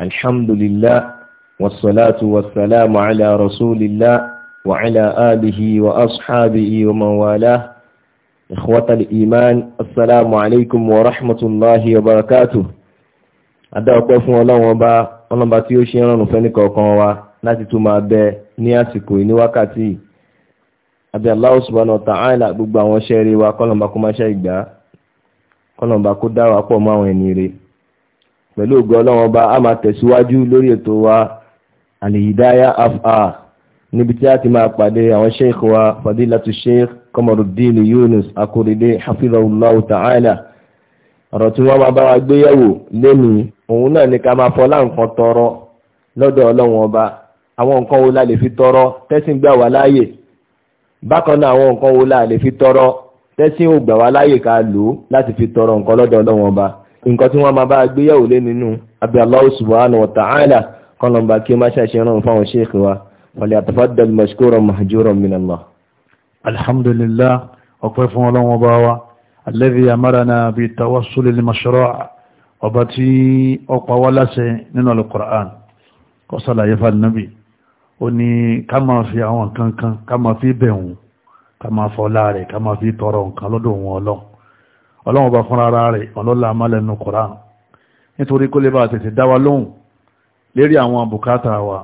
الحمد لله والصلاة والسلام على رسول الله وعلى آله وأصحابه ومن والاه إخوة الإيمان السلام عليكم ورحمة الله وبركاته أدعو قفوا الله وبا الله باتيو شيئا نفنك وقوا láti tó máa bẹ ní àsìkò ní الله àbí Allah subhanahu wa ta'ala gbogbo àwọn ṣẹ́rí wa kọ́lọ̀mbà kó máṣẹ́ ìgbà pẹ̀lú ògo ọlọ́run ọba a máa tẹ̀síwájú lórí ètò wa alìhìdáyà afa níbi tí a ti máa pàdé àwọn sheikh wa fadilatu sheikh kọmọrùdín yunus akóredé hafizahullahu ta'ala ọ̀rọ̀ tí wọ́n máa bá wa gbéyẹ̀wò lénìí òun náà ni ká máa fọlá nǹkan tọrọ lọ́dọ̀ ọlọ́run ọba àwọn nǹkan wo la lè fi tọrọ tẹ́sìn gbà wá láàyè bákan náà àwọn nǹkan wo la lè fi tọrọ tẹ́sìn ò gbà wá láàyè ká lò láti fi tọrọ nǹkan lọ́dọ̀ ọlọ́run ọba nǹkan tí wọ́n máa bá gbéyàwó lé nínú abẹ́ Allahu subhanahu wa ta'ala kọlọmbà kí má ṣàṣẹ rán fáwọn ṣéèkì wa wàlẹ̀ àtàfàdàl mashkuran mahjuran min Allah. alhamdulillah ọpẹ́ fún ọlọ́wọ́n bá wa alladhi amarana bi tawassul lil mashru' ọba tí ọpa wá láṣẹ nínú alukur'an kọ́ sàlàyé fanabi ó ní ká máa fi àwọn kankan ká máa fi bẹ̀wọ̀n ká máa fọlá rẹ̀ ká máa fi tọrọ nǹkan lọ́dọ̀ wọn ọlọ́run ọlọ́run bá fúnra ara rẹ̀ ọlọ́lá amálẹ́nu koran nítorí kó lè bá tètè dá wa lóhùn lérí àwọn àbùkátà wa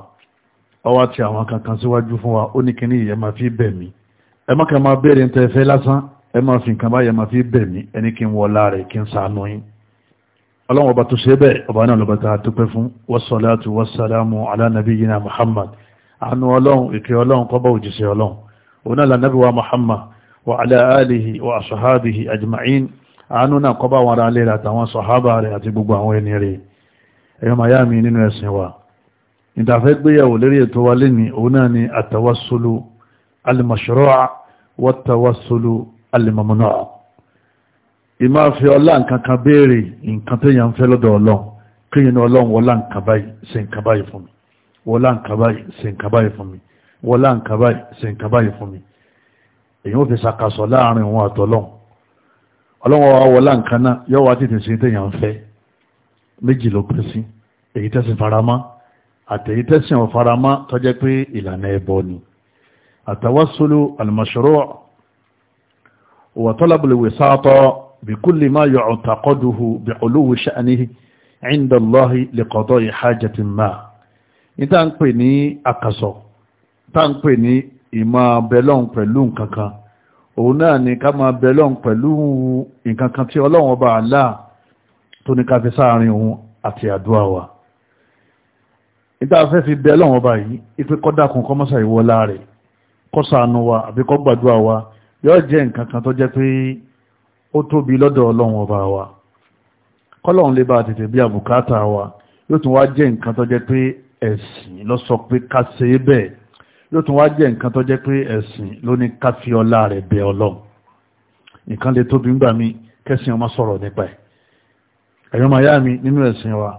ọwá ti àwọn kankan síwájú fún wa ó ní kíní ìyẹn máa fi bẹ̀ mí ẹ má kàn máa béèrè tẹ́ fẹ́ lásán ẹ máa fi nǹkan báyẹn máa fi bẹ̀ mí ẹni kí n wọlá rẹ̀ kí n sànú yín ọlọ́run ọba tó ṣe bẹ́ẹ̀ ọba náà lọ́ba tá a dúpẹ́ fún wasalaatu wasalaamu ala nabiyina muhammad àánú ọlọ́run ìkẹ́ ọlọ́run kọ́bọ̀ òjìṣẹ́ ọlọ́run òun náà lànàbíwá wa ala alihi wa asahabihi ajma'in àánú náà kọ́ bá wọn ara lẹ́rẹ̀ àtàwọn sọ̀hábà rẹ̀ àti gbogbo àwọn ẹni rẹ̀ ẹ̀yọ́ miami nínú ẹ̀sìn wa ìdàfẹ́ gbéyàwó lérí ètò wa lẹ́ni òun náà ni àtàwásólú alìmọ̀ṣọ́rọ̀ wọ́tàwásólú alìmọ̀mọ́nà ìmá fi ọlá nǹkan kan béèrè nǹkan tó yàn fẹ́ lọ́dọ̀ ọlọ́run kíyìn ọlọ́run wọlá nǹkan báyìí ọlọ́wọ́ wọlá nǹkan náà yọ́ wá tètè ṣe téèyàn fẹ́ méjì ló pín sí èyí tẹ́sìn faramá àtẹ̀yí tẹ́sìn ọ̀faramá tọ́jẹ́ pé ìlànà ẹbọ ni àtàwásólú àlùmọ̀ṣọ́rọ̀ wà tọ́lábùlùwẹ̀ sáàtọ̀ bí kúlì máa yọ ọ̀tàkọ́dùhù bí olówó ṣáàní ìndàlọ́hì lẹ́kọ̀ọ́dọ̀ ìhájẹ̀tì máa ní tá ń pè ní àkàsọ̀ tá ń pè ní ìmọ̀ abẹ́lọ́n pẹ̀lú nǹkan kan òun náà ni ká máa bẹ lọ́n pẹ̀lú nǹkan kan tí ọlọ́run ọba àlá tó ní ká fi sáàrin òun àti àdúrà wa níta fẹ́ fi bẹ ọlọ́run ọba yìí ipe kọ́dàkùn kọ́mọ́sà ìwọlá rẹ̀ kọ́sàánú wa àbí kọ́gbàdúrà wa yóò jẹ́ nǹkan kan tó jẹ́ pé ó tóbi lọ́dọ̀ ọlọ́run ọba wa bá wa yóò yóò tún wá jẹ́ nǹkan tó jẹ́ pé ẹ̀sìn ló ní káfí ọlá rẹ̀ bẹ ọlọ́run nǹkan lè tóbi ń gbà mí kẹ́sìn ọmọ sọ̀rọ̀ nípa ẹ̀ ẹ̀yọ́ máa yá mi nínú ẹ̀sìn wa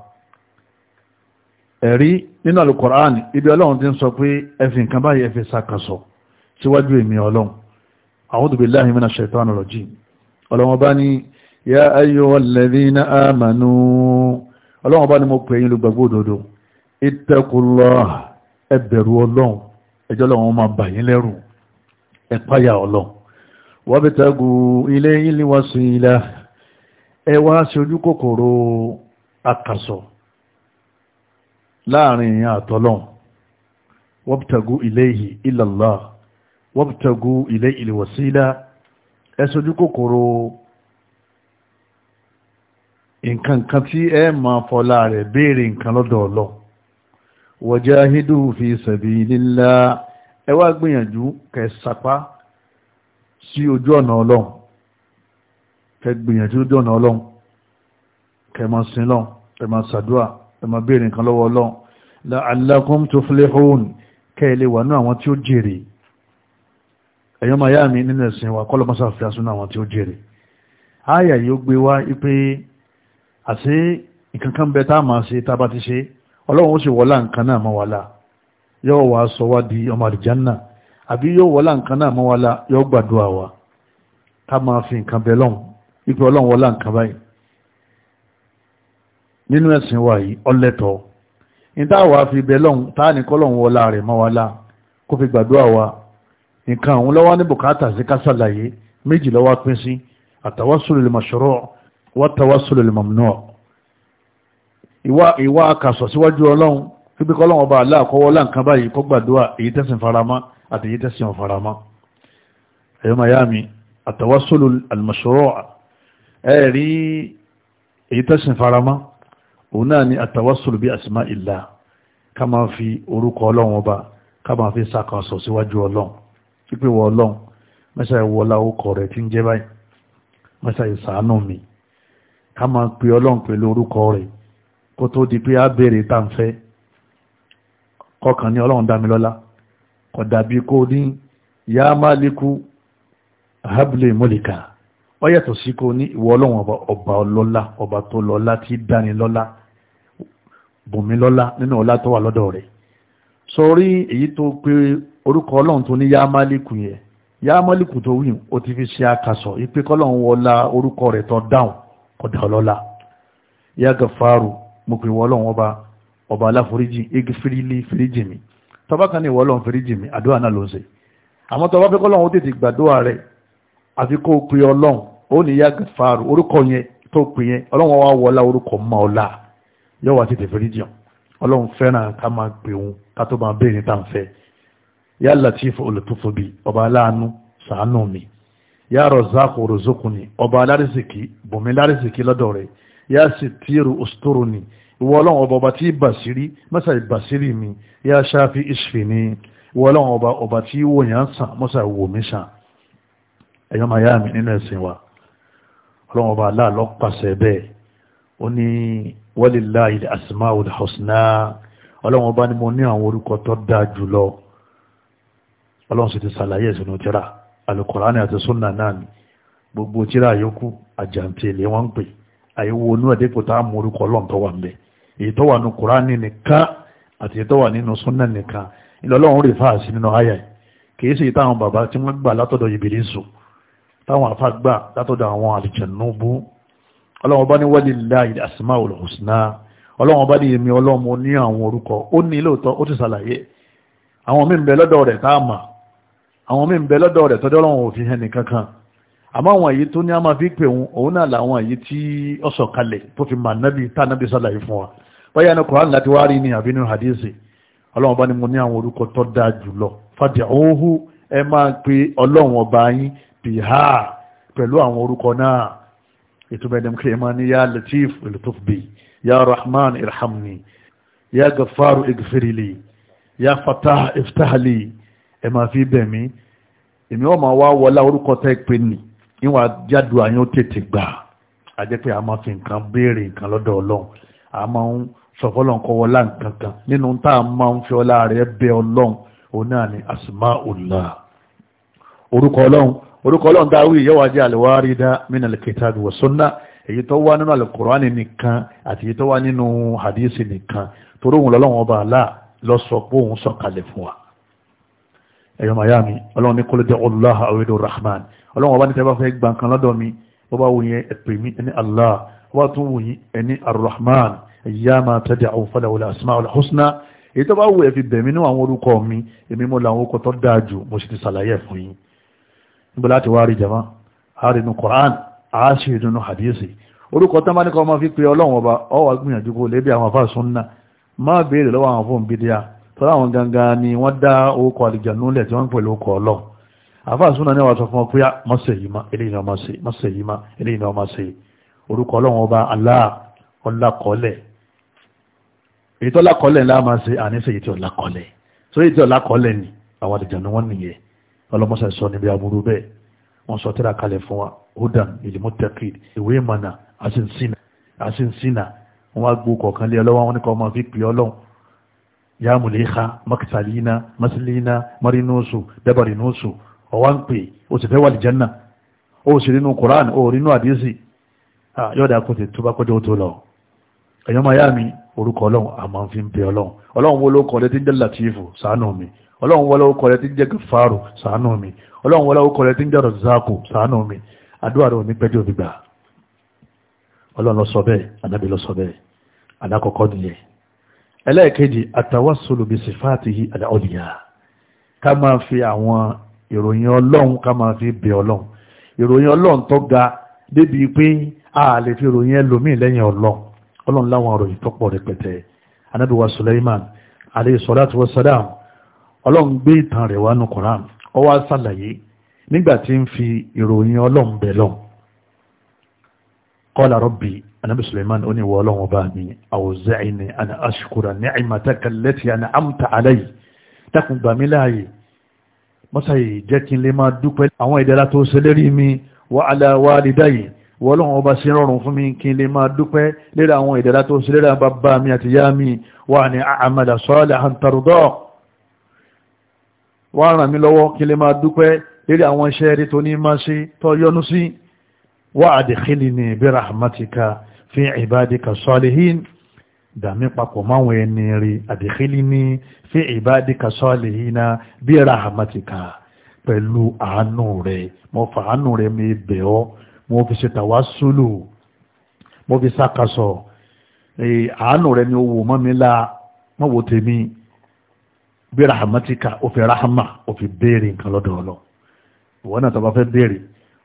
ẹ̀rí nínú alukọ̀rán ibi ọlọ́run ti ń sọ pé ẹ̀fì nǹkan báyìí ẹ̀fì sàkàsọ̀ síwájú èmi ọlọ́run a'udhu billahi minash shaitani rajim ọlọ́run bá ní ya ayyuhal ọlọ́run bá ní mo pè yín òdodo ọlọ́run ẹjọ́ lọ́wọ́ máa bà yín lẹ́rù ẹ páyà ọlọ́run wabtagu ilayhil wasila ẹ wá ṣojú kòkòrò akàsọ̀ láàrin àtọ́lọ́n wabtagu ilayhi ilallah wabtagu ilayhil wasila ẹ ṣojú kòkòrò nǹkan kan tí ẹ máa fọlá rẹ̀ béèrè nǹkan lọ́dọ̀ ọlọ́run wọ̀jáhídù fi sabilillah ẹ wá gbìyànjú kẹsàpá sí ojú ọ̀nà ọlọ́run kẹ gbìyànjú ojú ọ̀nà ọlọ́run kẹ máa sin lọ́n ẹ máa sàdúà ẹ máa béèrè nǹkan lọ́wọ́ ọlọ́run la'allakum tuflihun kẹ ilé wà náà àwọn tí ó jèrè ẹ̀yọ́ máa yá mi nínú ẹ̀sìn wa kọ́lọ́ mọ́sá fi asún àwọn tí ó jèrè áyà yóò gbé wá wípé àti nǹkan bẹ tá a máa ṣe tá a bá ti ṣe ọlọ́run ó sì wọlá nǹkan náà mọ́wàlá yóò wá sọ wá di ọmọ àlìjánà àbí yóò wọlá nǹkan náà mọ́wàlá yóò gbàdúrà wa ká máa fi nǹkan bẹ lọ́hùn wípé ọlọ́run wọlá nǹkan báyìí nínú ẹ̀sìn wa yìí ọlẹ́tọ̀ níta wà fi bẹ lọ́hùn táà ní kọ́lọ́hùn wọlá rẹ̀ mọ́wàlá kó fi gbàdúrà wa nǹkan àwọn lọ́wọ́ ní bùkátà sí ká méjì lọ́wọ́ pín sí àtàwásùlù lè mọ̀ṣọ́rọ̀ wọ́tàwásùlù lè mọ̀mọ́ ìwà akàsọ̀ síwájú ọlọ́run fíbí kọ́lọ́wọ́ bá aláàkọ́wọ́ láǹkan báyìí kọ́ gbàdúrà èyí tẹ́sìn farama àti èyí tẹ́sìn ọ̀farama ẹ̀yọ́ miami àtàwásólù almasoro ẹ̀rí èyí tẹ́sìn farama òun náà ni àtàwásólù bí àsìmá ìlà ká máa fi orúkọ ọlọ́run ọba ká máa fi sàkàsọ̀ síwájú ọlọ́run pípé wọ kó tó di pé a béèrè tàǹfẹ́ kọkàn ní ọlọ́run dá mi dàbí kó ní ya máàlíkú habli mulika ọ yàtọ̀ sí kó ní ìwọ ọlọ́run ọba ọlọ́lá ọba tó lọ́lá tí dáni lọ́lá bùnmi lọ́lá nínú ọlá tó wà lọ́dọ̀ rẹ̀ sọrí èyí tó pé orúkọ ọlọ́run tó ní ya máàlíkú yẹ ya máàlíkú tó wí o ti fi ṣe akasọ̀ ìpé kọ́lọ́run wọlá orúkọ rẹ̀ tó dáhùn kọ̀dà ọlọ́lá ya mo pè wọ́n lọ́wọ́ ọba ọba aláforíjì igi fírílì fíríjì mi tọba kan ní ìwọ́ lọ́wọ́ mi àdúrà náà ló ń ṣe àmọ́ tọba fẹ́ kọ́lọ́wọ́ tètè gbàdúrà rẹ̀ àfi kó pè ọlọ́run ó ní ya gàfàrù orúkọ yẹn tó pè yẹn ọlọ́run wa wọlá orúkọ mọ́ ọlá yóò wá tètè fíríjì hàn ọlọ́run fẹ́ràn ká máa pè òun ká tó máa béèrè tá à ń fẹ́ ya latif olùtúfòbí ọba aláàánú ṣàánú mi ya razaq orozokuni ọba alárísìkí bùnmi alárísìkí lọ́dọ̀ rẹ̀ yá sì tíru ostoro ni ìwọ ọlọ́run ọba ọba tí bàṣírí mọ́sà ìbàṣírí mi yá ṣáfi ìṣfì ni ìwọ ọlọ́run ọba ọba tí wòyàn sàn mọ́sà wò mí sàn ẹ̀yọ́ máa yá mi nínú ẹ̀sìn wa ọlọ́run ọba aláàlọ́ pàṣẹ bẹ́ẹ̀ ó ní walillahi al-asmaul husna ọlọ́run ọba ni mo ní àwọn orúkọ tó dáa jùlọ ọlọ́run sì ti sàlàyé ìsinú tíra alukọ̀ránì àti súnà náà ni gbogbo tíra yòókù àjàǹtẹ̀lẹ̀ wọ́n ń pè àyẹ̀wò onú ẹ̀dẹ́gbò tá a mú orúkọ ọlọ́run tó wà ń bẹ èyí tó wà nínú kùránì nìkan àti èyí tó wà nínú súnà nìkan ìlọlọ́run rè fáàsì nínú àyà kì í ṣe táwọn bàbá tí wọ́n gbà látọ̀dọ̀ ìbílísù táwọn afá gbà látọ̀dọ̀ àwọn àlùjànnúbú ọlọ́run bá ní walillahi al-asmaul husna ọlọ́run bá ní èmi ọlọ́run ó ní àwọn orúkọ ó ní lóòótọ́ àmọ́ àwọn èyí tó ní a máa fi pè wọn òun náà làwọn èyí tí ó sọ kalẹ̀ tó fi máa nábi tá nábi sálàyé fún wa báyà ní Kùránì láti wá rí ní àbínú ọlọ́run bá ní mo ní àwọn orúkọ tó dáa jùlọ fad'uhu ẹ máa pe ọlọ́run ọba yín biha pẹ̀lú àwọn orúkọ náà ìtumọ̀ ẹni kí ẹ máa ní ya latif iltuf bi ya rahman irhamni ya gafaru igfirili ya fatah iftahli ẹ máa fi bẹ̀ mí èmi wọ́n máa wá wọlá orúkọ tẹ́ pé nìí níwà jádù àyún tètè gbà àjẹ́ pé a máa fi nǹkan béèrè nǹkan lọ́dọ̀ ọlọ́run a máa ń sọ̀fọ́lọ́n kọwọ́ lá nǹkan kan nínú tá a máa ń fi ọlá rẹ̀ bẹ ọlọ́run òun náà ni asmaullah orúkọ ọlọ́run orúkọ ọlọ́run tá a wí yẹ́wàá jẹ́ al-warida min al-kitabi èyí tó wá nínú al nìkan àti èyí tó wá nínú hadisi nìkan torí òun lọ́lọ́run ọba àlá lọ sọ pé òun sọ̀kalẹ̀ fún wa ẹ̀yọ́ mayami ọlọ́run ní kólójẹ́ ọlọ́ha awédò rahman ọlọ́run ọba ní tẹ́lá fẹ́ gbà nǹkan lọ́dọ̀ mi ọba wò yẹn ẹ̀pẹ̀ mi ẹni allah ọba tún wò yín ẹni arrahman ẹ̀yà máa tẹ́lẹ̀ àwọn fọlẹ̀ wọlé asma wọlé husna èyí tó bá wù fi bẹ̀mí ní àwọn orúkọ mi èmi mo làwọn orúkọ tó dáa jù mo sì ti ṣàlàyé fún yín níbo láti wá rí jama a nu Quran a sì rí orúkọ tó máa ní kọ́ máa fi pe ọlọ́run ọba ọwọ́ gbìyànjú kó lébi àfáà súnà ní àwọn sọ fún ọ pé mọ́sẹ̀ yìí má eléyìí náà má ṣe mọ́sẹ̀ yìí má eléyìí náà má ṣe orúkọ ọlọ́run ọba aláà ọlákọọlẹ̀ èyí tó lákọọlẹ̀ ńlá máa ṣe àníṣe èyí tí ọlákọọlẹ̀ tó èyí tí ọlákọọlẹ̀ ni àwọn àdìjànú wọn nìyẹn ọlọ́mọṣẹ́ sọ níbi aburú bẹ́ẹ̀ wọ́n sọ tírà kalẹ̀ fún wa hudan ìdìmọ́tẹ́kì ìwé ìmọ̀nà masilina marinusu dabarinusu ọwá ń pè ó sì fẹ́ wà lìjánà ó sì rínú koran ó rínú àdísì yọ́dá kò tè túbá kọjọ́ tó lọ ẹ̀yọ́ máa yá mi orúkọ ọlọ́run a máa fi ń pè ọlọ́run ọlọ́run wọ́n ló kọ́ lẹ́tí jẹ́ latifu ṣàánú mi ọlọ́run wọ́n ló kọ́ lẹ́tí jẹ́ gafaru ṣàánú mi ọlọ́run wọ́n ló kọ́ lẹ́tí jẹ́ razaku ṣàánú mi àdúrà rẹ̀ ní pẹ́jọ́ gbígbà ọlọ́run lọ sọ bẹ́ẹ̀ anábì ìròyìn ọlọ́run ká máa fi bẹ ọlọ́run ìròyìn ọlọ́run tó ga débi pé a lè fi ìròyìn ẹlòmíì lẹ́yìn ọlọ́run ọlọ́run láwọn ìròyìn tó pọ̀ rẹpẹtẹ ànábì wa Suleiman alayhi salatu wa salam ọlọ́run gbé ìtàn rẹ̀ wá nu Quran ó wá ṣàlàyé nígbà tí ń fi ìròyìn ọlọ́run bẹ̀ lọ qala rabbi ànábì Suleiman ó ní wọ ọlọ́run ọba mi awzi'ni an ashkura ni'mataka allati an'amta alayya dákun gbà mí láàyè mọ́sáyì jẹ́ kí n lè máa dúpẹ́ àwọn ìdẹ̀ra tó ṣe lérí mi wa ala walidayya wọ́lọ́wọ́n ọba sí rọrùn fún mi kí n lè máa dúpẹ́ lérí àwọn ìdẹ̀ra tó ṣe lérí bàbá mi àti yá mi wà ní a'mala salihan tardah dàmí papọ̀ máwọn ẹni rí àdìkílì ní fi ìbádìka salihina bí rahmatika pẹ̀lú àánú rẹ̀ mo fa àánú rẹ̀ mi bẹ̀ ọ́ mo fi ṣe tàwásúlù mo fi ṣàkàsọ̀ àánú rẹ̀ ni ó mọ́ mi la mọ́ wò tèmi bí rahmatika ó fi rahama ó fi béèrè nǹkan lọ́dọ̀ ọlọ́ ìwọ náà tó fẹ́ béèrè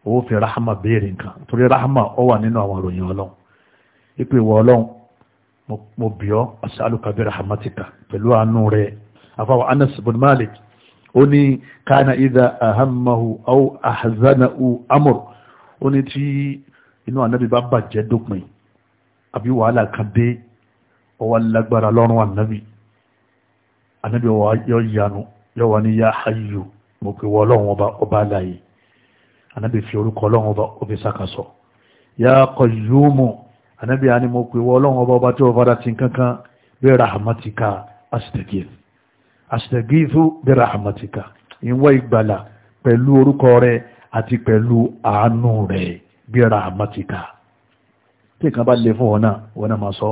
ó fi rahama béèrè nǹkan torí rahama ó wà nínú àwọn ìròyìn ọlọ́run ipò ìwọ ọlọ́run mo bì ọ́ as'aluka bi rahmatika pẹ̀lú àánú rẹ̀ afáwọ̀ anas bin malik ó ní kana idha ahammahu aw ahzanahu amr ó ní tí inú ànábì bá bàjẹ́ dópin àbí wàhálà kan dé ọwọ́ lágbára lọ́rùn ànábì ànábì ọwọ́ yọ yanu yọ wà ní ya hayyu mo pè wọ́ ọlọ́run ọba ọba aláyé ànábì fi orúkọ ọlọ́run ọba òfin sàkàsọ̀ ya qayyumu ànábì á ní mo pè wọ ọlọ́run ọba ọba tí wọ́n fara ti kankan bí rahmatika astagir astagithu bí rahmatika ìwọ ìgbàlà pẹ̀lú orúkọ rẹ àti pẹ̀lú àánú rẹ bí rahmatika tí kan bá lè fún wọn náà wọn máa sọ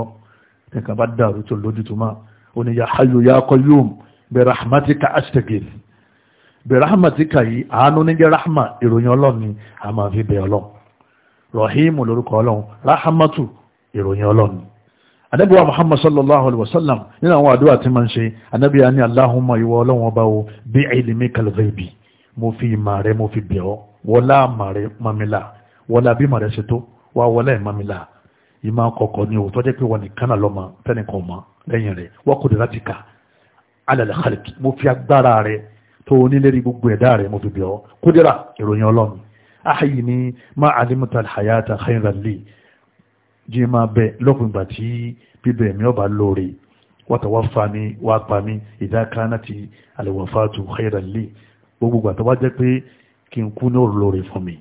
tí kan bá dàrú tó lójútùmá ó ní ya hayyu ya qayyum bí rahmatika astagir bí rahmatika yìí àánú ní jẹ́ rahma ìròyìn ọlọ́run ni a máa fi bẹ̀ ọlọ́run rahimu lórúkọ ọlọ́run rahamatu ìròyìn ọlọ́run anabi wa muhammad sallallahu alaihi wasallam nínú àwọn àdúrà tí ma ń ṣe anabi a ní allahumma ìwọ ọlọ́run ọba o bí ilimi kalvaibi mo fi ìmà rẹ mo fi bẹ̀ ọ́ wọlá àmà rẹ mamila wọlá bí màrẹ ṣe tó wà wọlá ẹ̀ mamila ìmà kọ̀kọ̀ ni òótọ́ jẹ́ pé wọn nìkan náà lọ́mọ tẹ́nìkan mọ́ lẹ́yìn rẹ̀ wọ́n kò dé láti kà alẹ́ khalik mo fi agbára rẹ tó onílérí gbogbo ẹ̀dá rẹ mo fi bẹ̀ ọ́ kódìrà ìròyìn ọlọ́run ahayini ma alimta alhayata khayran li jí máa bẹ lọ́kùnrin gbà tí bíbẹ̀ mi ọba lóore wàtàwáfà ni wà pa mi ìdákaná ti alwafatu khayran li gbogbo gbà tó wá jẹ́ pé kí n kú ní òrò lóore fún mi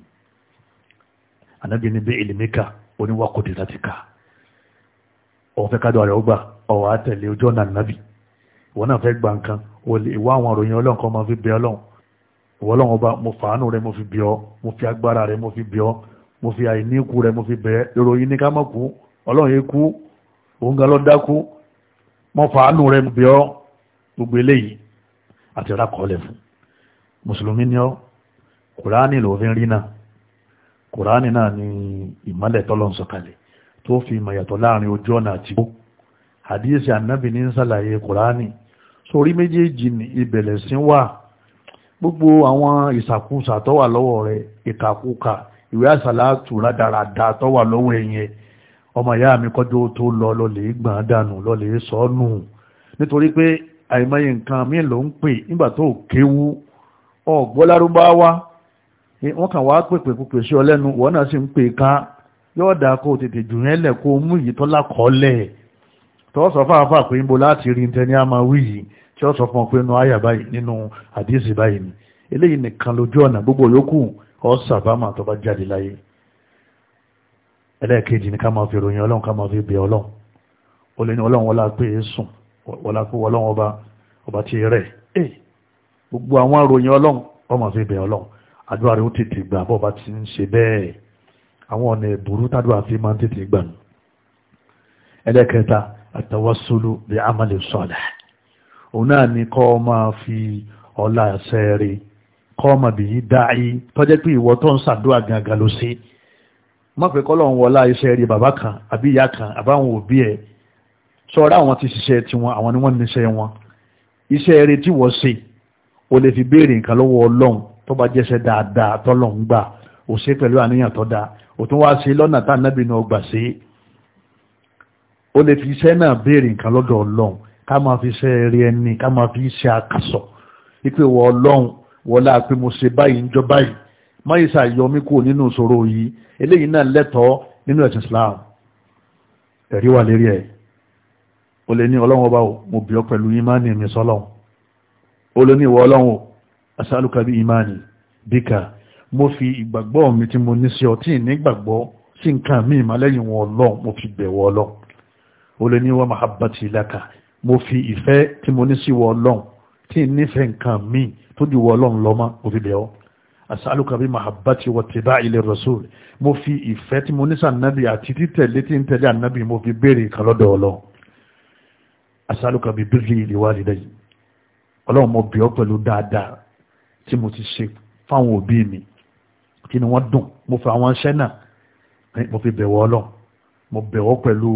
ànábì ní bí ìlìmíkà oníwàkòdì láti ká ọ̀fẹ́ kádọ̀ rẹ̀ ó ọ̀wà tẹ̀lé ojú ọ̀nà nàbì wọn náà fẹ́ gbà nǹkan ìwà àwọn òròyìn ọlọ́run máa fi bẹ ọlọ́run ìwọ́lọ́wọ́n ọba mo fàánù rẹ mo fi bí ọ mo fi agbára rẹ mo fi bí ọ mo fi àìníkù rẹ mo fi bẹ̀ ẹ́ inika ní ká má kú ọlọ́run yẹn kú òun gan dákú mo fàánù rẹ mo bí gbogbo eléyìí àti rákọọlẹ̀ fún mùsùlùmí ni ni ń fi láàrin ojú ọ̀nà àti ànábì ní ń sàlàyé kùránì sórí méjèèjì sí wà gbogbo àwọn ìsàkúsà tó wà lọ́wọ́ rẹ̀ ìkàkúkà ìwé àsàlátù rádaràda tó wà lọ́wọ́ ẹ̀yẹ ọmọ ìyá mi kọjú tó lọ lọlẹ̀ gbọ̀n dànù lọlẹ̀ sọ́nù nítorí pé àìmọye nǹkan mi ló ń pè nígbà tó kéwú ọ̀gbọ́ wọ́n kàn wá sí wọ́n náà sì ń pè ká yóò kó tètè jù yẹn lẹ̀ kó tí ó sọ fún ọ pé nínú àyà báyìí nínú àdísì báyìí ni eléyìí nìkan lójú ọ̀nà gbogbo yòókù ọ sàbámà tó bá jáde láyé ẹlẹ́ẹ̀kejì ni ká máa fi ròyìn ọlọ́run ká máa fi bẹ ọlọ́run ó lé ní ọlọ́run wọlá pé é sùn wọlá pé ọlọ́run ọba ọba ti rẹ̀ ẹ̀ eh! gbogbo àwọn ròyìn ọlọ́run ọ máa fi bẹ ọlọ́run àdúrà rẹ̀ ó tètè gbà bọ́ bá ti ń ṣe bẹ́ẹ̀ àwọn ọ̀nà ìbúrú tádùá fi máa ń tètè gbà nù ẹlẹ́ẹ̀kẹta àtàwásólú bí amálẹ̀ sọ́ọ̀lẹ̀ òun náà ni kọ́ máa fi ọlá ẹsẹ̀ rẹ̀ kọ́ máa bì í dáì tọ́jẹ́ pé ìwọ tó ń ṣàdúrà gangan ló sí má pé kọ́lọ̀ ń wọlá iṣẹ́ rẹ̀ bàbá kan àbí ìyá kan àbáwọn òbí ẹ̀ sọ́ra àwọn ti ṣiṣẹ́ tiwọn àwọn ni wọ́n níṣẹ́ wọn iṣẹ́ rẹ̀ tí wọ́n ṣe o lè fi béèrè nǹkan lọ́wọ́ ọlọ́run tó bá jẹ́ṣẹ́ dáadáa tọ́lọ̀ ń gbà ò ṣe pẹ̀lú àníyàn tó dáa ò tún wá ṣe lọ́nà tá nábì náà ṣe o lè fi iṣẹ́ náà béèrè nǹkan lọ́dọ̀ ọlọ́run ká máa fi ṣe rí ẹni ká máa fi ṣe àkàsọ̀ wípé wọ ọlọ́run wọlá pé mo ṣe báyìí ń jọ báyìí máyìísà yọmí kúrò nínú ìṣòro yìí eléyìí náà lẹ́tọ̀ọ́ nínú ẹ̀sìn Islam ẹ̀rí wà lérí ẹ̀ o lè ní ọlọ́run ọba o mo bí ọ pẹ̀lú ìmánì mi sọ́lọ́run o lè ní ìwọ ọlọ́run o asálùkà bí ìmánì bíkà mo fi ìgbàgbọ́ mi tí mo ní sí ọ tí ní gbàgbọ́ sí nǹkan mi ìmọ̀lẹ́yìn wọn ọlọ́run mo fi bẹ̀wọ̀ ọlọ́run o lè ní wa mahabbati laka mo fi ìfẹ́ tí mo ní sí wọ ọlọ́run tí n nífẹ̀ẹ́ nǹkan míì tó ju wọ ọlọ́run lọ́mọ mo fi bẹ̀ ọ́ as'aluka bi mahabbati wa tiba'i li rasul mo fi ìfẹ́ tí mo ní sànnábì àti títẹ̀lé tí ń tẹ̀lé ànábì mo fi béèrè kan lọ́dọ̀ ọlọ́run as'aluka bi birri li walidayya ọlọ́run mo bẹ̀ ọ́ pẹ̀lú dáadáa tí mo ti ṣe fáwọn òbí mi kí ni wọ́n dùn mo fi àwọn iṣẹ́ náà mo fi bẹ̀ wọ́ ọlọ́run mo bẹ̀ wọ́ pẹ̀lú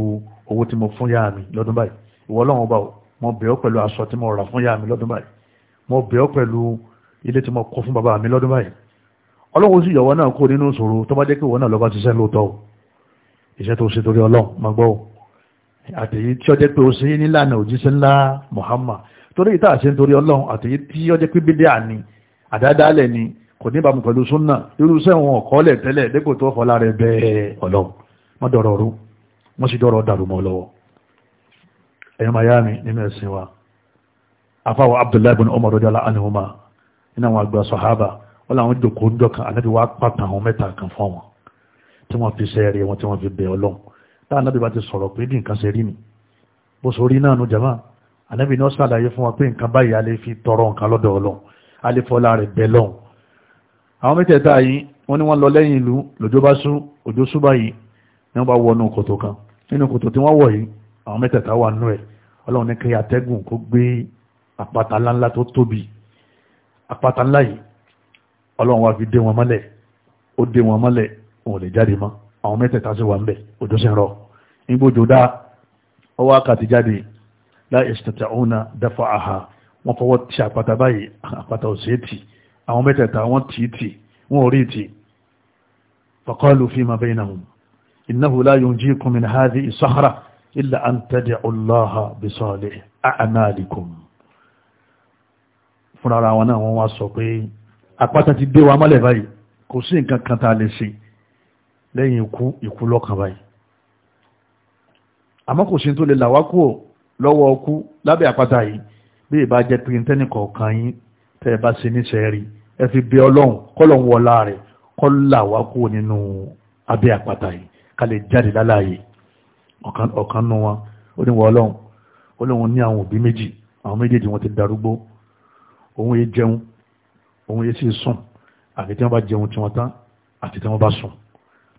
owó tí mo fún yáà mi lọ́dún báyìí ìwọ lọ́wọ́ bá o mo bẹ̀ ọ́ pẹ̀lú aṣọ tí mo rà fún yá mi lọ́dún báyìí mo bẹ̀ ọ́ pẹ̀lú ilé tí mo kọ́ fún bàbá mi lọ́dún báyìí ọlọ́run sì yọ̀wọ́ náà kó nínú ìṣòro tó bá jẹ́ kí ìwọ náà lọ bá ṣiṣẹ́ lóòótọ́ o iṣẹ́ tó ṣe torí ọlọ́run máa gbọ́ o àtẹ̀yí tí ó pé o ṣe nílànà òjíṣẹ́ ńlá Muhammad torí ìta àṣẹ nítorí ọlọ́run àtẹ̀yí tí ó pé bídíà ni àdádálẹ̀ ni kò ní ìbámu pẹ̀lú súnà irúṣẹ́ wọn ọ̀kọ́lẹ̀ tẹ́lẹ̀ dépò tó fọlá rẹ̀ bẹ́ẹ̀ ọlọ́run wọ́n dọ̀rọ̀ rú wọ́n sì dọ̀rọ̀ dàrú mọ́ lọ́wọ́ ẹ̀yọ́ miami nínú ẹ̀sìn wa afáwọ̀ abdullahi bin umar rọ́jọ́lá anihuma nínú àwọn àgbà sọ̀hábà wọ́n làwọn jòkó ń jọkàn ànábì wá pàtàkì àwọn mẹ́ta kan fún wọn tí wọ́n fi ṣe ẹ̀rẹ̀ wọn tí wọ́n fi bẹ̀ ọlọ́run tá ànábì bá ti sọ̀rọ̀ pé ní nǹkan ṣe rí ni bó so rí náà nu jama ànábì náà ṣàlàyé fún wa pé nǹkan báyìí a fi tọrọ nǹkan lọ́dọ̀ ọlọ́run a lè rẹ̀ bẹ̀ lọ́run àwọn mẹ́tẹ̀ẹ̀ta yìí wọ́n ní àwọn mẹ́tẹ̀ẹ̀ta wà nú ẹ̀ ọlọ́run ní kí atẹ́gùn kó gbé àpáta ńláńlá tó tóbi àpáta ńlá yìí ọlọ́run wá fi dé wọn mọ́lẹ̀ ó dé wọn mọ́lẹ̀ òun lè jáde mọ́ àwọn mẹ́tẹ̀ẹ̀ta sì wà ń bẹ̀ òjò sì ń rọ nígbòjò dá ọwọ́ àkàtì jáde láì ìṣẹ̀tẹ̀ òun dáfà àhà wọ́n fọwọ́ ti àpáta báyìí àpáta ò sí tì àwọn mẹ́tẹ̀ẹ̀ta wọ́n tì í tì wọ́n ò rí tì faqalu fima bainahum innahu la yunjikum min hadhihi as-sahra إلا أن tad'u الله bi أعمالكم a'malikum fúnra ara wọn náà wọ́n wá sọ pé àpáta ti dé wa mọ́lẹ̀ báyìí kò sí nǹkan kan tá a lè ṣe lẹ́yìn ikú ikú lọ́kàn báyìí àmọ́ kò sí tó lè làwá kúrò lọ́wọ́ ọkú lábẹ́ àpáta yìí bí ìbá jẹ́ pé n tẹ́nì kọ̀ọ̀kan yín tẹ́ ẹ bá ṣe níṣẹ́ rí ẹ fi bẹ ọlọ́run kọ́lọ́run wọlá rẹ̀ kọ́ làwá kúrò nínú abẹ́ àpáta yìí ká lè jáde láláyé ọ̀kan nù wọn ó ní wọ́n ọlọ́run ó lóun ní àwọn òbí méjì àwọn méjèèjì wọn ti darúgbó òun yé jẹun òun yé sì sùn àti tí wọ́n bá jẹun tí wọ́n tán àti tí wọ́n bá sùn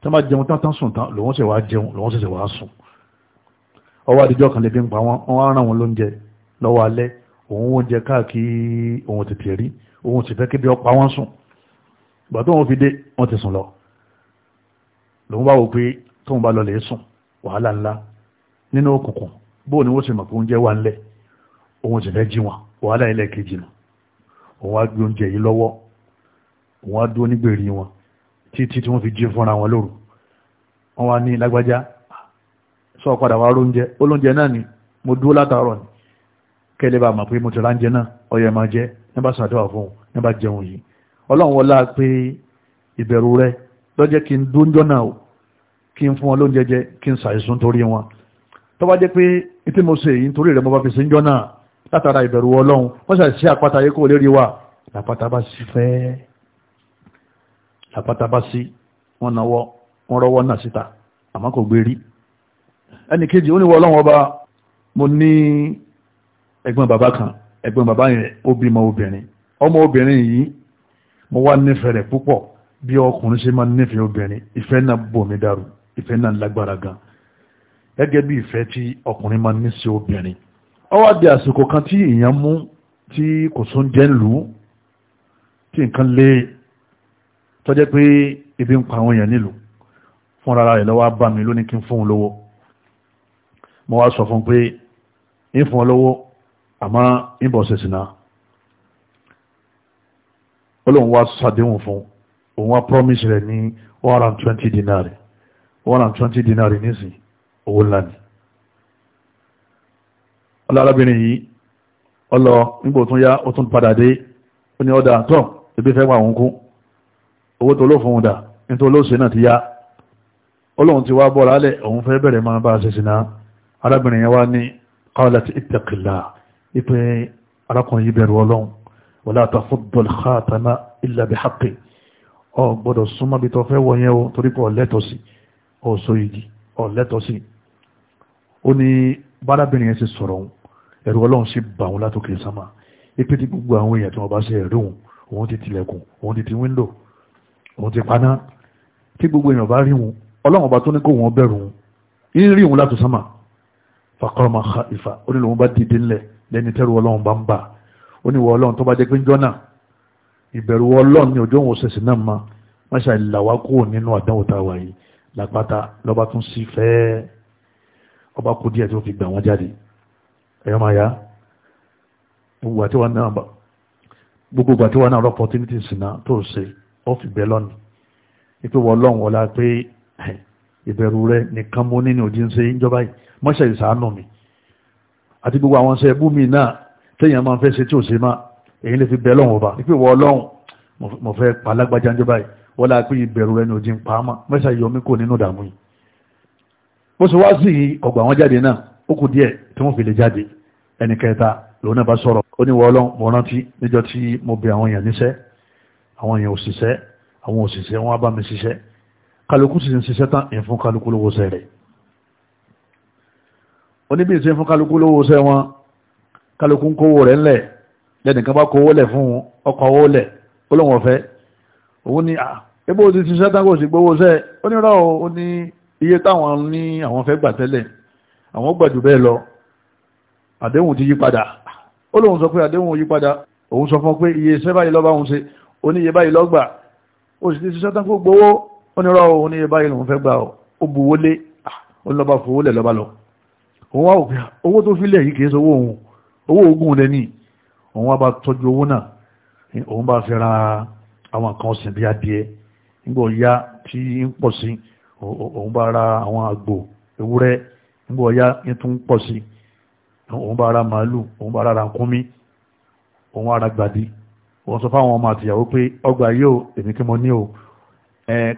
tí wọ́n bá jẹun tán tán sùn tán lòun ṣe wàá jẹun lòun ṣẹ̀ṣẹ̀ wàá sùn ọwọ́ àdìjọ́ kan lè fi ń pa wọn wọ́n á ràn wọn lóúnjẹ lọ́wọ́ alẹ́ òun oúnjẹ káàkiri òun tètè rí òun sì fẹ́ kébí ọpa wọn sùn ìgbà tó wọn fi dé wọn ti sùn lọ lòun bá wò pé tóun bá lọ lè sùn wàhálà ńlá nínú òkùnkùn bóò ni wọ́n sì mọ̀ pé oúnjẹ wà ńlẹ̀ òun sì fẹ́ jí wọn wàhálà ilẹ̀ kejì nù òun á gbé oúnjẹ yìí lọ́wọ́ òun á dúró nígbèrè wọn títí tí wọ́n fi jí fúnra wọn lóru wọ́n wá ní lágbájá sọ padà wá róúnjẹ olóúnjẹ náà ni mo dúró látàárọ̀ ni kẹ́lẹ́ bá mọ̀ pé mo ti ráńjẹ náà ọyọ ẹ̀ máa jẹ́ nígbà sàdúrà fún un nígbà jẹun yìí ọlọ́run wọlá pé ìbẹ̀rù rẹ lọ́jẹ́ kí n dúnjọ́ kí n fún wọn lóúnjẹ jẹ kí n ṣàìsùn torí wọn tó bá jẹ́ pé ìtí mo ṣe èyí nítorí rẹ̀ mo bá fi ṣe ń jọ́ náà látara ìbẹ̀rù ọlọ́run wọ́n ṣàì sí àpáta yìí kò lérí wa làpáta bá sí fẹ́ làpáta bá sí wọ́n náwọ́ wọ́n rọ́wọ́ náà síta àmọ́ kò gbé rí ẹnì kejì ó ní wọ́n ọlọ́run ọba mo ní ẹ̀gbọ́n bàbá kan ẹ̀gbọ́n bàbá yẹn ó bímọ obìnrin ọmọ obìnrin yìí mo wá nífẹ̀ẹ́ rẹ̀ púpọ̀ bí ọkùnrin ṣe máa nífẹ̀ẹ́ obìnrin ìfẹ́ náà bò mí dàrú ìfẹ́ náà lágbára gan gẹ́gẹ́ bí ìfẹ́ tí ọkùnrin máa ní sí obìnrin ó wá di àsìkò kan tí èèyàn mú tí kò sún jẹ́ ń lù ú tí nǹkan lé tọ́jẹ́ pé ebi ń pa àwọn èèyàn nílùú fún rárá rẹ̀ lọ́wọ́ bá mi lónìí kí n fún un lówó mo wá sọ fún pé ń fún ọ lówó àmọ́ ń bọ̀ ṣèṣì náà ó lóun wá sàdéhùn fún òun wá promise rẹ̀ ní one hundred and twenty dinari one and twenty dinari nísìn owó ńlá ni ọlọ́rọ̀bìnrin yìí ọlọ nígbò tún yá ó tún padà dé ó ní ọ̀dà tọ́ ibi fẹ́ wà òun kú owó tó ló fún un dà nítorí olóòṣè náà ti yá ọlọ́run ti wá bọ́ lálẹ́ òun fẹ́ bẹ̀rẹ̀ máa bá a ṣe sìnà arábìnrin yẹn wá ní qalat ittaqillah ipe arákùnrin yìí bẹ̀rù ọlọ́run wala tafuddul khatama illa bihaqqi ọ gbọ́dọ̀ súnmọ́ bí tọ́ fẹ́ wọ yẹn o torí pọ̀ sí i ọ̀sọ̀ igi ọ̀lẹ́tọ̀ sí ó ní bárábìnrin yẹn ti sọ̀rọ̀ òun ẹ̀rù ọlọ́run sì bà òun látòkè sámà ipe tí gbogbo àwọn èèyàn tí wọ́n bá ṣe ẹ̀rí òun òun ti tilẹ̀kùn òun ti ti wíńdò òun ti paná tí gbogbo èèyàn bá rí òun ọlọ́run ọba tó ní kó wọn bẹ̀rù òun ń rí òun látò sámà fàkọ́rọ̀mà ìfà ó ní lòun bá dìde ńlẹ̀ lẹ́ni tẹ́rù ọlọ́run bá ń bà ó ní lápáta lọ́ba tún sí fẹ́ ọba kú díẹ̀ tí ó fi gbà wọ́n jáde ẹ̀yọ́ máa yá gbogbo àti wọn náà gbogbo àti wọn náà opportunity sinna tó ṣe ó fi bẹ́ lọ́nà ipe wọ́n lọ́n wọlá pé ìbẹ̀rù rẹ nìkan mú nínú òjì ń ṣe ìjọba yìí mọ́ṣẹ́ ìsàánù mi àti gbogbo àwọn ṣe ẹbú mi náà téèyàn máa fẹ́ ṣe tí ò ṣe má èyí lè fi bẹ́ lọ́wọ́ bá ipe wọ́n lọ́n mo fẹ́ pa alágbájá ìjọba yìí wọ́n la pé ìbẹ̀rù rẹ̀ ní ojú ń pa á mọ́ mẹ́sà yọmí kò nínú ìdààmú yìí bó ṣe wá sí ọgbà wọn jáde náà ó kù díẹ̀ tí wọ́n fi lè jáde ẹnì kẹta lòun náà bá sọ̀rọ̀ ó ní wọ́ọ́lọ́ mo rántí níjọ́ tí mo bẹ àwọn èèyàn níṣẹ́ àwọn èèyàn òṣìṣẹ́ àwọn òṣìṣẹ́ wọn bá mi ṣiṣẹ́ kálukú sì ń ṣiṣẹ́ tán èèyàn kálukú lówó ṣẹ́ rẹ̀ oníbí ìṣe fún kálukú lówó ṣẹ́ wọn kálukú ń kówó rẹ̀ ńlẹ̀ lẹ́nìkan bá kówó lẹ̀ fún ọkọ̀ owó lẹ̀ ó lóun ọ̀fẹ́ òun ni ah, ebo ti ti sẹ́tàn kò sì gbowó sẹ́ ó ní iye táwọn ní àwọn fẹ́ gbà tẹ́lẹ̀ àwọn gbà jù bẹ́ẹ̀ lọ àdéhùn ti yí padà ó lóun sọ pé àdéhùn yí padà òun sọ fún pé iye iṣẹ́ báyìí lọ́ba òun ṣe ó ní iye báyìí lọ́gbà ó sì ti ti sẹ́tàn kò gbowó ó ó ní iye báyìí lòun fẹ́ gbà ó buwó lé ah, ó lọ́ba fowó lẹ̀ lọ́ba lọ òun wá òpin ah, owó tó fi lẹ̀ yìí kì í sowó owó ogun lẹ́ni òun wá bá tọ́jú owó náà òun àwọn kan ọ̀sìn bí adìẹ nígbà ọ̀yá tí ń pọ̀ sí òun bá ra àwọn àgbò ewúrẹ́ nígbà ọ̀yá ń tún pọ̀ sí òun bá ra màálù òun bá ra ràkúnmí òun ara gbàdí wọ́n sọ fáwọn ọmọ àtìyàwó pé ọgbà yóò èmi kí mo ní o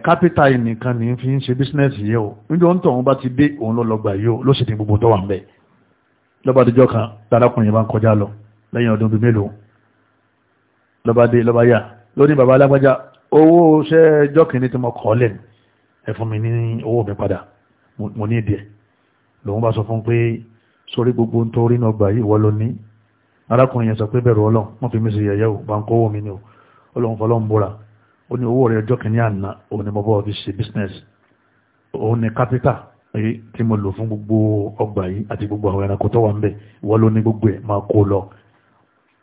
kápítà nìkan ní fi ń ṣe bísínẹ́sì yẹ o níjọ́ ń tọ̀ òun bá ti dé òun ló lọ́gbà yóò ló sì ní gbogbo tó wà ń bẹ̀ lọ́ba àdìjọ́ kan dáadáa kùnrin bá ń kọjá lọ lẹ́yìn ọdún bíi mélòó lọ́ba dé lọ́ba yà lórí bàbá alágbájá owó ṣẹ́ jọ́kìnrin tí mo kọ́ lẹ̀ ẹ fún mi ní owó mi padà mo ní ìdíẹ̀ lòun bá sọ fún pé sórí gbogbo ń torí náà gbà yìí wọ́n ló ní arákùnrin yẹn sọ pé bẹ̀rù ọlọ́run wọ́n fi mí sí yẹ̀yẹ́ ò bá ń kó owó mi ní business òun ni kápítà tí mo lò fún gbogbo ọgbà yìí àti gbogbo àwọn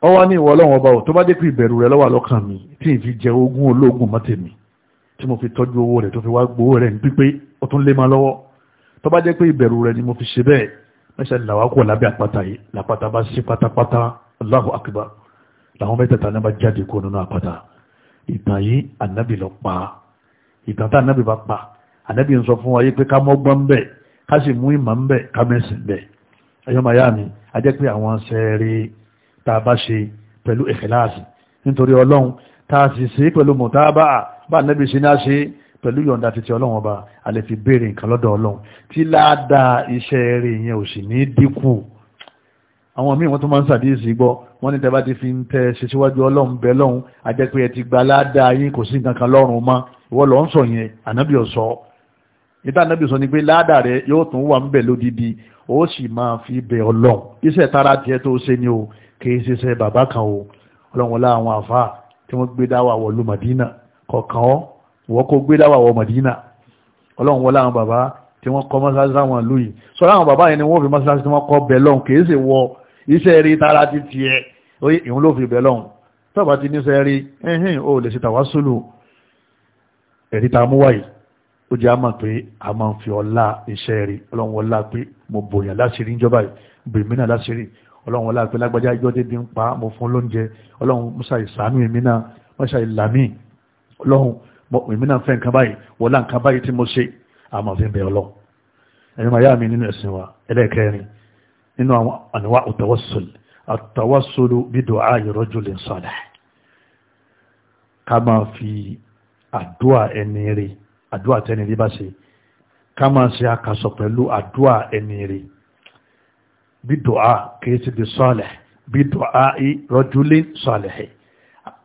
ọ wá ní ìwọ ọlọ́run ọba ò tó bá dé pé ìbẹ̀rù rẹ lọ́wọ́ lọ́kàn mi tí ì fi jẹ ogún ológun mọ́tèmi tí mo fi tọ́jú owó rẹ̀ tó fi wá gbowó rẹ̀ ní pípé ó tún lé ma lọ́wọ́ tó bá jẹ́ pé ìbẹ̀rù rẹ̀ ni mo fi ṣe bẹ́ẹ̀ mẹ́sàn làwa kò lábẹ́ àpáta yìí làpáta bá sí pátápátá Allahu akbar làwọn mẹ́tẹ̀ẹ̀ta náà bá jáde kó nínú àpáta ìtàn yìí ànábì lọ pa ìtàn tá ànábì bá pa ànábì ń sọ fún wa yìí pé ká mọ́gbọ́n ń ká sì mú ìmọ̀ ń bẹ̀ ká mẹ́sìn bẹ̀ ẹ̀yọ́ màyá mi a jẹ́ pé àwọn sẹ́ẹ̀rẹ́ tá a bá ṣe pẹ̀lú ìkìláàsì nítorí ọlọ́run tá a sì ṣe pẹ̀lú mọ̀tábà bá nẹ́bí ṣe ní a ṣe pẹ̀lú yọ̀ǹda títí ọlọ́run ọba a lè fi béèrè nǹkan lọ́dọ̀ ọlọ́run tí láàdá iṣẹ́ rẹ̀ yẹn ò sì ní dínkù àwọn míì wọ́n tó máa ń sàdíyèsí gbọ́ wọ́n ní tẹ́bá ti fi ń tẹ́ ṣe síwájú ọlọ́run bẹ́ẹ̀ lọ́run a ẹ ti gba láàdá yín kò sí nǹkan kan lọ́rùn mọ́ ìwọ lọ́ sọ yẹn ànábì níta nábì sọ ni pé ládàá rẹ yóò tún wà ń bẹ̀ lódìdí ó sì máa fi bẹ̀ ọlọ́run iṣẹ́ tara tiẹ̀ tó ṣe ni o kìí ṣiṣẹ́ bàbá kan o ọlọ́run ọlá àwọn àfa tí wọ́n gbé dáwà wọ̀lú Madina kọ̀ọ̀kan ọ́ wọ́n kó gbé dáwà wọ Madina ọlọ́run ọlá àwọn bàbá tí wọ́n kọ́ mọ́sáàsì àwọn ìlú yìí sọ láwọn bàbá yẹn ni wọ́n fi mọ́sáàsì tí wọ́n kọ́ bẹ̀ lọ́hùn kìí ṣe wọ ó jẹ́ àmà pé a máa ń fi ọlá iṣẹ́ rí ọlọ́run ọlá pé mo bòyàn láṣìírí ìjọba bèmínà láṣìírí ọlọ́run ọlá pé lágbájá ìjọ débi ń pa mo fún lóúnjẹ ọlọ́run musa ìsànú ìmínà musa ìlàmí ọlọ́run ìmínà fẹ́ nǹkan báyìí wọlá nǹkan báyìí tí mo ṣe àmọ̀ fi ń bẹ ọlọ́run ẹni máa yá mi nínú ẹ̀sìn wa ẹlẹ́ẹ̀kẹrin nínú àwọn àníwá àdúrà tẹ́ni rí bá ṣe ká máa ṣe àkàsọ̀ pẹ̀lú àdúrà ẹni rí bí dùá kìí ṣe di sọ́ọ̀lẹ̀ bí dùá i rọ́júlé sọ́ọ̀lẹ̀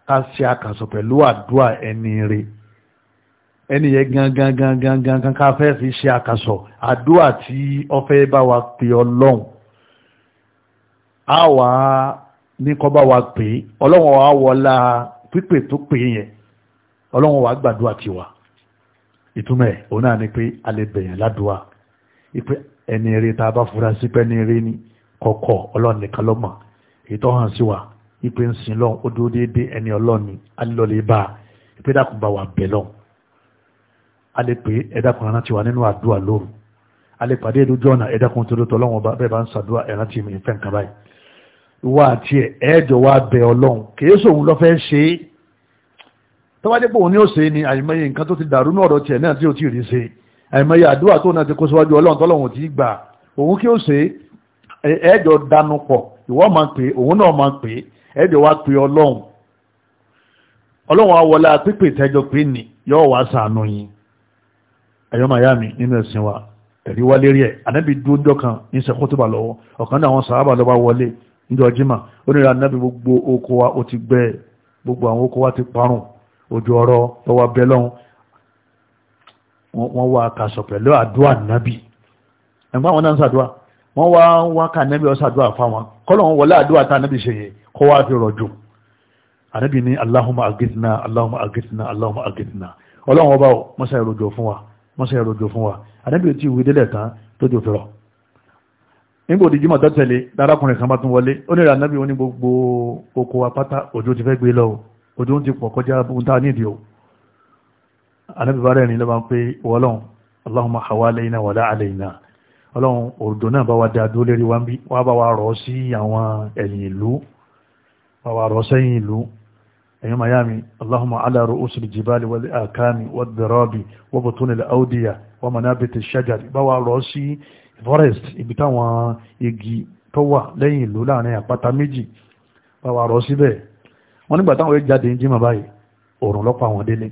ká ṣe àkàsọ̀ pẹ̀lú àdúrà ẹni rí ẹni yẹ gangan gangan gangan ká fẹ́ fi ṣe àkàsọ̀ àdúrà tí ó fẹ́ bá wa pè ọlọ́run á wà ní kọ́ bá wa pè ọlọ́run wa wọlá pípè tó pè yẹn ọlọ́run wa gbàdúrà tiwa ìtumẹ̀ òun náà ni pé a bẹ̀yàn ládùúwà ipe ẹni eré tá a bá fura sí pé ẹni eré ni kọ̀kọ̀ ọlọ́run nìkan ló mọ̀ ètò hàn sí wa ipe ń sin lọ́n ó dúró déédé ẹni ọlọ́ni a bá ipe dákun bá wa bẹ̀ lọ́n a lè pè é ẹ̀dákun rántí wa nínú àdúrà lóru a lè pàdé ìdójú ọ̀nà ẹ̀dákun tó lótọ́ ọlọ́run ọba bẹ́ẹ̀ bá ń sàdúrà ẹ̀rántí mi ìfẹ́ báyìí ìwà àti ẹ̀ ẹ̀ẹ́jọ wa bẹ̀ ọlọ́run kìí sòun lọ́fẹ́ ṣe é tó wá dépò òun ni ó ṣe ni àìmọye nǹkan tó ti dàrú ní ọ̀rọ̀ tiẹ̀ náà tí ó ti rí ṣe àìmọye àdúrà tó náà ti kó síwájú ọlọ́run tọ́lọ́run ti gbà òun kí ó se ẹ̀ẹ́dọ̀ dánú pọ̀ máa pè òun náà máa pè ẹ̀ẹ́dọ̀ wá pè ọlọ́run ọlọ́run á wọlé tẹ́jọ pé nì yọ wá wa ẹ̀rí ẹ̀ ànábì kan ní sẹ́kútùbà ojú ọ̀rọ̀ lọ́wọ́ abẹ́lọ́hún wọ́n wá kàṣọ pẹ̀lú àdúrà nábì ẹ̀gbọ́n àwọn náà ń ṣàdúrà wọ́n wá wá kà nábì ọ̀ṣàdúrà fáwọn kọ́lọ̀ wọn wọlé àdúrà tá nábì ṣe yẹn kó wá fi rọ̀jò ànábì ní Allahumma aghithna Allahumma aghithna Allahumma aghithna ọlọ́run ọba ò mọ́ṣá ìrọ̀jò fún wa mọ́ṣá ìrọ̀jò fún wa ànábì tí ìwé délẹ̀ tán tó jò fẹ́rọ̀ nígbò òdìjú mọ̀tọ́tẹ̀lé lárákùnrin kan bá tún wọlé ó nira ànábì ó ní gbogbo oko apáta òjò ti fẹ́ gbé lọ́wọ́ ojú ti pọ̀ kọjá ohun tá nídìí o anábìbára ẹni lọ́wọ́ pé wọ́lọ́n Allahumma hawa alayna wala alayna ọlọ́run òdò náà bá wa dá dúró lérí wá bá wa rọ̀ sí àwọn ẹ̀yìn ìlú bá wa rọ̀ sẹ́yìn ìlú ẹ̀yìn miami Allahumma ala ru'usil jibali wal akami wad darabi wọ́n nígbà táwọn jáde ní jímọ̀ báyìí òòrùn lọ́pọ̀ àwọn délé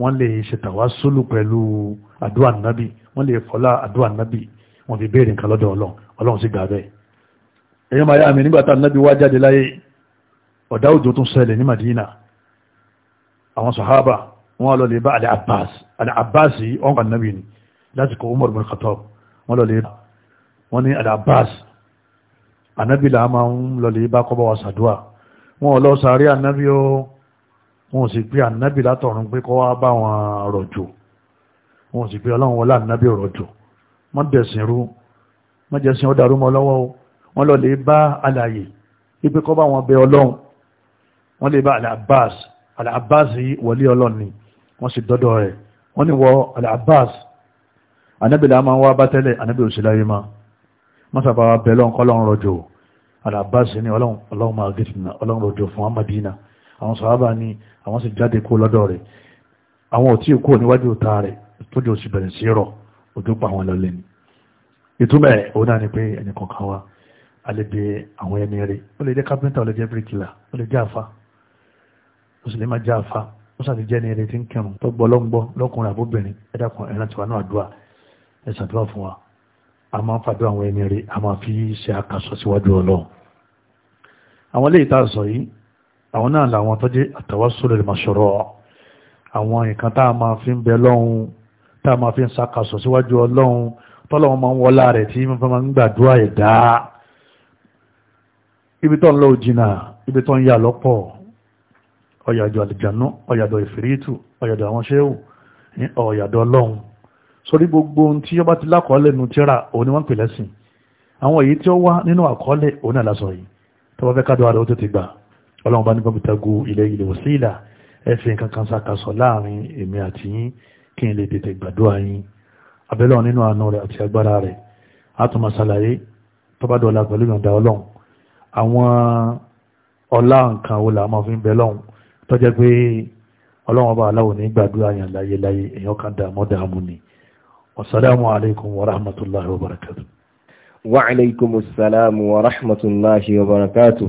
wọ́n lè ṣètàwá sólù pẹ̀lú àdúrà nábì wọ́n lè fọlá àdúrà nábì wọ́n fi béèrè nǹkan lọ́dọ̀ ọlọ́run ọlọ́run sì gbà bẹ́ẹ̀ èyàn máa yá mi nígbà táwọn nábì wá jáde láyé ọ̀dá òjò tún ṣẹlẹ̀ ní Madina àwọn sàhábà wọ́n lọ lè bá alẹ́ Abbas alẹ́ Abbas yìí ọ̀nkà nábì ni lásìkò Umar bin Khattab wọ́n lọ lè wọ́n ní alẹ́ Abbas anabi làá máa ń lọ lè bá kọ́bọ̀ wọn ò lọ sàárẹ́ ànábì ó wọn ò sì pé ànábì látọ̀run pé kọ́ wá bá wọn rọ̀jò wọn ò sì pé ọlọ́run wọlé ànábì rọ̀jò mọ́ dẹ̀sìn rú mọ́ jẹ́sìn ó mọ́ lọ́wọ́ o wọ́n lọ lè bá alàyè wípé kọ́ bá wọn bẹ ọlọ́run wọ́n lè bá alàbáàs alàbáàs yìí wọlé ọlọ́run ni wọ́n sì dọ́dọ̀ rẹ̀ wọ́n ní wọ alàbáàs ànábì làá máa wá bá tẹ́lẹ̀ ànábì òṣèlú máa mọ́sàbà alábáṣe ní ọlọ́run máa gẹ̀ẹ́sìnà ọlọ́run rọ̀jò fún amadina àwọn sàábà ní àwọn sì jáde kó lọ́dọ̀ rẹ̀ àwọn ò tí ì kó níwájú ta rẹ̀ tójú sì bẹ̀rẹ̀ sí rọ̀ ojú àwọn lọlẹ́ ni ìtumọ̀ òun náà ni pé ẹnì kọ̀ọ̀kan wa a lè dé àwọn ẹni rẹ̀ ó lè jẹ́ kápẹ́ntà ó lè jẹ́ bíríkìlà ó lè jẹ́ àfa ó sì lè má jẹ́ àfa ó sàti jẹ́ ní ẹni tí ń kẹrùn tó gbọ́ lọ́ngbọ́ lọ́kùnrin àbóbìnrin ẹ̀dàkùn ẹ̀ràn tiwa náà àdúrà ẹ̀sàdúrà fún wa a máa ń fàdúrà àwọn ẹni rẹ̀ a máa fi ṣe àkàsọ síwájú ọlọ́run àwọn lè ta sọ yìí àwọn náà làwọn tó jẹ́ àtàwásólè màṣọ́rọ̀ àwọn nǹkan tá a máa fi ń bẹ lọ́hun tá a máa fi ń sàkàsọ̀ síwájú ọlọ́hun tọ́lọ́hun máa ń wọlá rẹ̀ tí wọ́n máa ń gbàdúrà ẹ̀dá ibi tó ń lọ òjìnà ibi tó ń yà lọ́pọ̀ ọ̀yàdọ̀ àlìjànú ọ̀yàdọ̀ ìfìrìtù ọ̀yàdọ̀ àwọn ṣéwù ọ̀yàdọ̀ ọlọ́hun sórí gbogbo ohun tí ọba ti lákọọ́lẹ̀ nu tíra òun ni wọ́n pè lẹ́sìn àwọn èyí tí ó wá nínú àkọọ́lẹ̀ òun náà lásọ yìí tọ́wọ́ fẹ́ kádùn àrẹ ó tó ti gbà ọlọ́run bá ní pọ́pítàgù ilẹ̀ ilẹ̀ òsílà ẹ̀fìn kankan sàkàsọ̀ láàrin èmi àti yín kí n lè tètè gbàdúrà yín abẹ́lọ́ nínú àánú rẹ̀ àti agbára rẹ̀ átùmọ̀ sàlàyé tọ́bádọ́lá pẹ̀lú ìyọ̀ǹda ọlọ́run àwọn ọlá nǹkan wo làá máa fi ń bẹ lọ́hùn tó jẹ́ pé ọlọ́run ọba aláwọ̀ ní gbàdúrà yàn láyé láyé èèyàn kan dààmú dààmú ni wasalaamu alaykum wa rahmatulahi wa barakatuh وعليكم السلام ورحمة الله وبركاته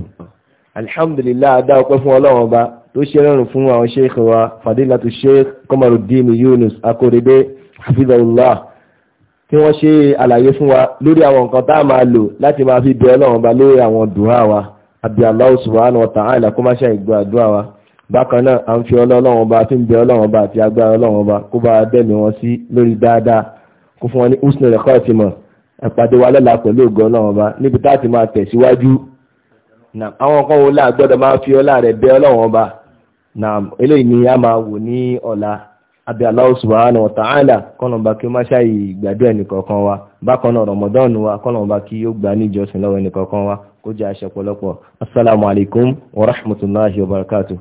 الحمد لله أداء قفوا الله وبا تشيرون فنوا وشيخ وفضيلة الشيخ قمر الدين يونس أكوريبي حفظه الله tí wọ́n ṣe àlàyé fún wa lórí àwọn nǹkan tá a máa lò láti máa fi bẹ ọlọ́run ba lórí àwọn dùhà wa àbí Allahu subhanahu wa ta'ala kó má ṣe ìgbà àdúrà wa bákan náà à ń fi ọlọ́run ba fi ń bẹ ọlọ́run ba àti agbára ọlọ́run ba kó bá dẹ̀mí wọn sí lórí dáadáa kó fún wọn ní húsùn rẹ̀ kọ́ ọ̀tí mọ̀ ẹ̀pàdé wa lọ́la pẹ̀lú ògo ọlọ́run ọba níbi tá a ti máa tẹ̀síwájú àwọn kan wo láà gbọ́dọ̀ máa fi ọlá rẹ̀ bẹ ọlọ́run ọba eléyìí ni a máa wò ní ọ̀la abẹ́ Allah subhanahu wa ta'ala kọ́nàmbà kí ó má ṣáà ìgbàdú ẹnìkọ̀ọ̀kan wa bákan náà Ramadan wa kọ́nàmbà kí ó gbà níjọsìn lọ́wọ́ ẹnìkọ̀ọ̀kan wa kó jẹ́ àṣẹ pọ̀lọpọ̀ assalamu alaikum wa rahmatullahi wa barakatuh